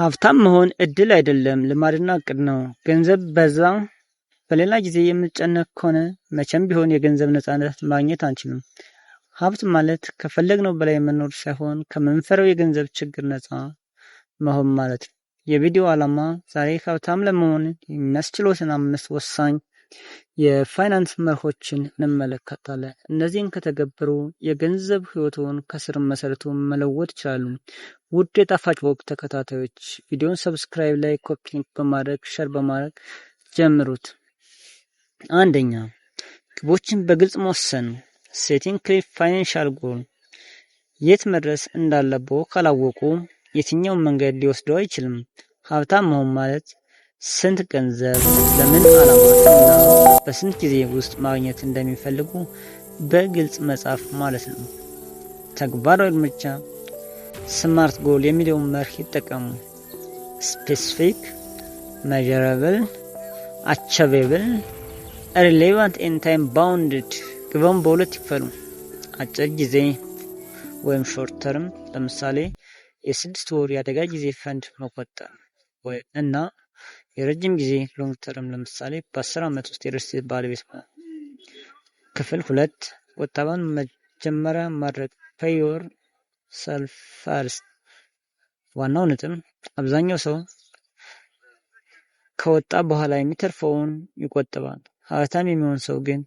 ሀብታም መሆን እድል አይደለም ልማድና እቅድ ነው። ገንዘብ በዛ በሌላ ጊዜ የምትጨነቅ ከሆነ መቼም ቢሆን የገንዘብ ነፃነት ማግኘት አንችልም። ሀብት ማለት ከፈለግነው በላይ መኖር ሳይሆን ከምንፈረው የገንዘብ ችግር ነፃ መሆን ማለት ነው። የቪዲዮ ዓላማ ዛሬ ሀብታም ለመሆን የሚያስችሎትን አምስት ወሳኝ የፋይናንስ መርሆችን እንመለከታለን። እነዚህን ከተገበሩ የገንዘብ ህይወትን ከስር መሰረቱ መለወጥ ይችላሉ። ውድ የጣፋጭ ወግ ተከታታዮች ቪዲዮን ሰብስክራይብ ላይ ኮፒ በማድረግ ሸር በማድረግ ጀምሩት። አንደኛ ግቦችን በግልጽ መወሰን፣ ሴቲንግ ክሊር ፋይናንሻል ጎል። የት መድረስ እንዳለበው ካላወቁ የትኛውን መንገድ ሊወስደው አይችልም። ሀብታም መሆን ማለት ስንት ገንዘብ ለምን ዓላማና በስንት ጊዜ ውስጥ ማግኘት እንደሚፈልጉ በግልጽ መጻፍ ማለት ነው። ተግባራዊ እርምጃ ስማርት ጎል የሚለውን መርህ ይጠቀሙ። ስፔሲፊክ፣ መጀረብል፣ አቸቤብል፣ ሪሌቫንት ኤን ታይም ባውንድድ። ግበውን በሁለት ይክፈሉ። አጭር ጊዜ ወይም ሾርት ተርም፣ ለምሳሌ የስድስት ወር የአደጋ ጊዜ ፈንድ መቆጠር እና የረጅም ጊዜ ሎንግ ተርም ለምሳሌ በአስር ዓመት ውስጥ የሪል ስቴት ባለቤት ክፍል ሁለት ቁጠባን መጀመሪያ ማድረግ ፔይ ሰልፈርስ ሰልፍ ፈርስት። ዋናው ነጥብ አብዛኛው ሰው ከወጣ በኋላ የሚተርፈውን ይቆጥባል። ሀብታም የሚሆን ሰው ግን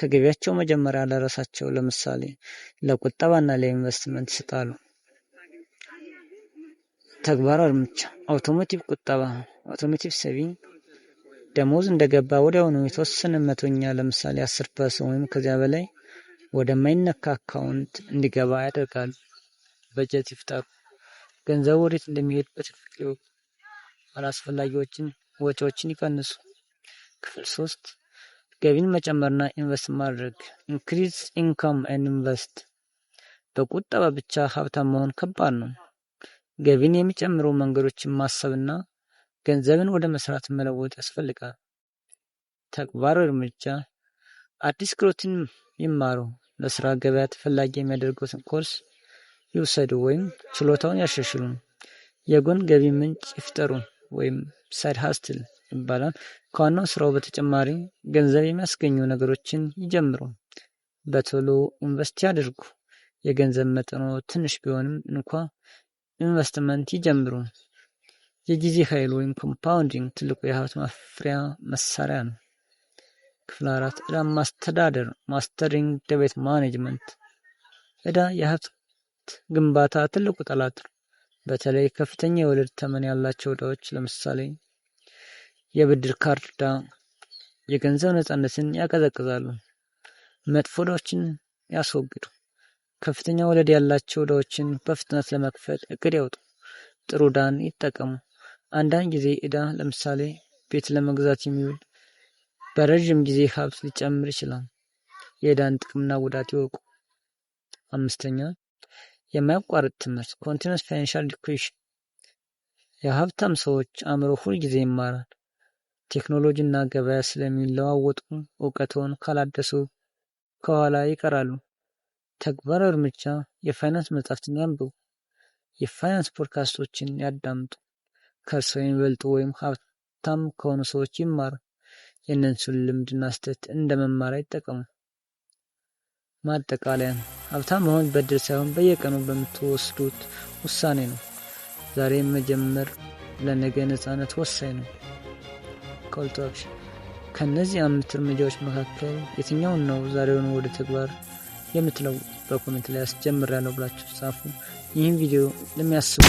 ከገቢያቸው መጀመሪያ ለራሳቸው ለምሳሌ ለቁጠባና ለኢንቨስትመንት ይሰጣሉ። ተግባር እርምጃ አውቶሞቲቭ ቁጠባ አውቶሞቲቭ ሴቪንግ ደሞዝ እንደገባ ወዲያውኑ የተወሰነ መቶኛ ለምሳሌ አስር ፐርሰንት ወይም ከዚያ በላይ ወደማይነካ አካውንት እንዲገባ ያደርጋሉ። በጀት ይፍጠሩ። ገንዘብ ወዴት እንደሚሄድ በትክክል አላስፈላጊዎችን ወጪዎችን ይቀንሱ። ክፍል ሶስት ገቢን መጨመርና ኢንቨስት ማድረግ ኢንክሪዝ ኢንካም ኢንቨስት። በቁጠባ ብቻ ሀብታም መሆን ከባድ ነው። ገቢን የሚጨምሩ መንገዶችን ማሰብና ገንዘብን ወደ መስራት መለወጥ ያስፈልጋል። ተግባራዊ እርምጃ አዲስ ክህሎትን ይማሩ። ለስራ ገበያ ተፈላጊ የሚያደርጉትን ኮርስ ይውሰዱ ወይም ችሎታውን ያሻሽሉ። የጎን ገቢ ምንጭ ይፍጠሩ ወይም ሳይድ ሀስትል ይባላል። ከዋናው ስራው በተጨማሪ ገንዘብ የሚያስገኙ ነገሮችን ይጀምሩ። በቶሎ ኢንቨስት አድርጉ። የገንዘብ መጠኖ ትንሽ ቢሆንም እንኳ ኢንቨስትመንት ይጀምሩ። የጊዜ ኃይል ወይም ኮምፓውንዲንግ ትልቁ የሀብት ማፍሪያ መሳሪያ ነው። ክፍል አራት ዕዳ ማስተዳደር ማስተሪንግ ደቤት ማኔጅመንት። ዕዳ የሀብት ግንባታ ትልቁ ጠላት ነው። በተለይ ከፍተኛ የወለድ ተመን ያላቸው ዕዳዎች ለምሳሌ የብድር ካርድ ዕዳ የገንዘብ ነፃነትን ያቀዘቅዛሉ። መጥፎ ዕዳዎችን ያስወግዱ። ከፍተኛ ወለድ ያላቸው ዕዳዎችን በፍጥነት ለመክፈል እቅድ ያውጡ። ጥሩ ዕዳን ይጠቀሙ። አንዳንድ ጊዜ ዕዳ ለምሳሌ ቤት ለመግዛት የሚውል በረዥም ጊዜ ሀብት ሊጨምር ይችላል። የዕዳን ጥቅምና ጉዳት ይወቁ። አምስተኛ የማያቋርጥ ትምህርት ኮንቲነስ ፋይናንሻል ኢዱኬሽን። የሀብታም ሰዎች አእምሮ ሁል ጊዜ ይማራል። ቴክኖሎጂና ገበያ ስለሚለዋወጡ እውቀትዎን ካላደሱ ከኋላ ይቀራሉ። ተግባራዊ እርምጃ የፋይናንስ መጻሕፍትን ያንብቡ። የፋይናንስ ፖድካስቶችን ያዳምጡ። ከእርስዎ የሚበልጡ ወይም ሀብታም ከሆኑ ሰዎች ይማር የእነሱን ልምድና ስህተት እንደ መማሪያ ይጠቀሙ። ማጠቃለያ፣ ሀብታም መሆን በድር ሳይሆን በየቀኑ በምትወስዱት ውሳኔ ነው። ዛሬ መጀመር ለነገ ነፃነት ወሳኝ ነው። ኮል ከእነዚህ አምስት እርምጃዎች መካከል የትኛውን ነው ዛሬውን ወደ ተግባር የምትለው በኮሜንት ላይ አስጀምር ያለው ብላችሁ ጻፉ። ይህን ቪዲዮ ለሚያስቡ